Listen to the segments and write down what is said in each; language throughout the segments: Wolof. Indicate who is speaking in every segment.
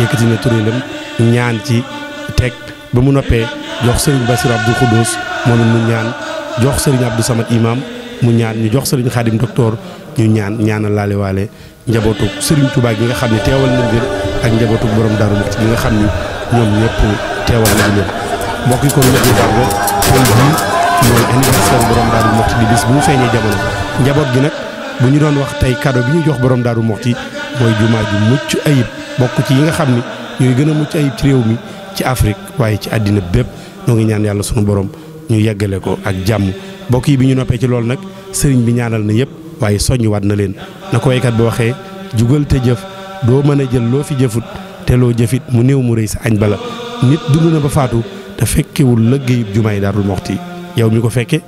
Speaker 1: yëkkati na turéelam ñaan ci teg ba mu noppee jox sëriñ Bassirou Abdou Khoudous moom mu ñaan jox sëriñ Abdou Samad Imam mu ñaan ñu jox sëriñ Xaadim Docteur ñu ñaan ñaanal laale waale njabootu sëriñ Touba gi nga xam ne teewal nañ leen ak njabootu borom Darou Mouhty gi nga xam ni ñoom ñëpp teewal nañ leen mbokk yi kon ñëpp ñu baax ba tey mooy anniversaire borom Darou Mouhty di bis bu mu feeñee jamono njaboot gi nag bu ñu doon wax tey cadeau bi ñu jox mooy jumaa ju mucc ayib bokk ci yi nga xam ni ñooy gën a mucc ayib ci réew mi ci Afrique waaye ci àddina bépp ñoo ngi ñaan yàlla sunu borom ñu yeggale ko ak jàmm bokk yi bi ñu noppee ci loolu nag sëriñ bi ñaanal na yëpp waaye soññ waat na leen na ko waykat bi waxee jugal te jëf doo mën a jël loo fi jëfut te loo jëfit mu néew mu rey sa añ bala nit dund na ba faatu te fekkewul lëggéeyub jumaay daarul moxti yow mi ko fekke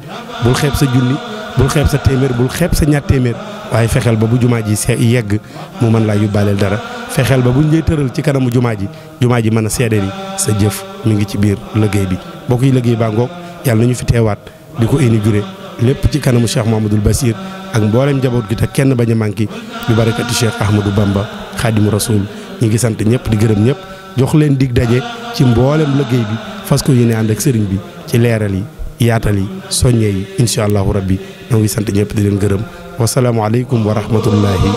Speaker 1: bul xeeb sa junni bul xeeb sa téeméer bul xeeb sa ñaar téeméer waaye fexeel ba bu jumaa ji se yegg mu man laa yóbbaaleel dara fexeel ba buñ lay tëral ci kanamu jumaa ji jumaa ji mën a seede ni sa jëf mi ngi ci biir liggéey bi bokk yi liggéey baa ngoog yàlla nañu fi teewaat di ko inauguré lépp ci kanamu Cheikh Mouhamadoul Bassir ak mboolem njaboot gi te kenn bañ a manqué bi barakati Cheikh Ahmadou Bamba Khadimu Rasoul ñi ngi sant ñëpp di gërëm ñëpp jox leen dig daje ci mboolem liggéey bi fas ko yéene ànd ak sëriñ bi ci leeral yi yaatal yi soññee yi incha allahu rabbi ñoo ngi sant ñëpp di leen gërëm wasalaamualeykum wa rahmatullahi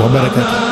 Speaker 1: wa barakaatu.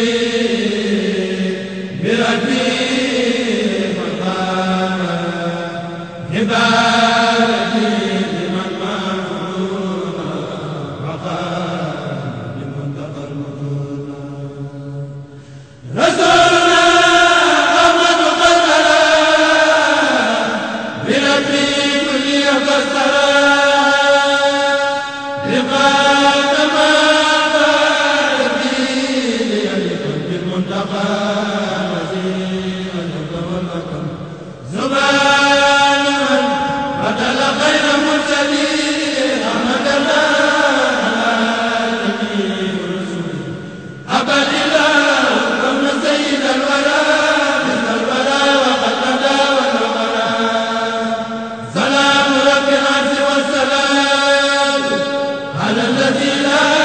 Speaker 2: la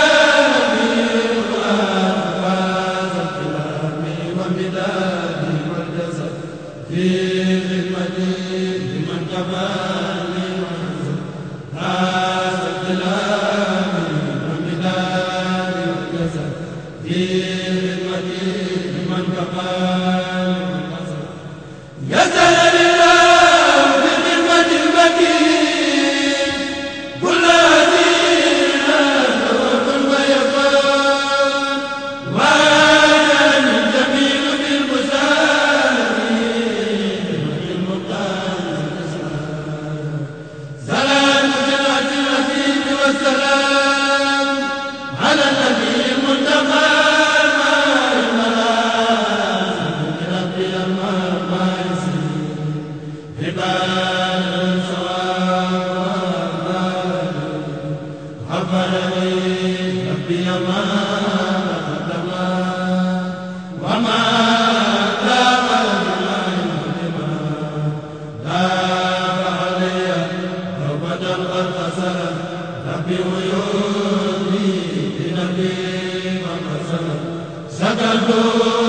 Speaker 2: Sagal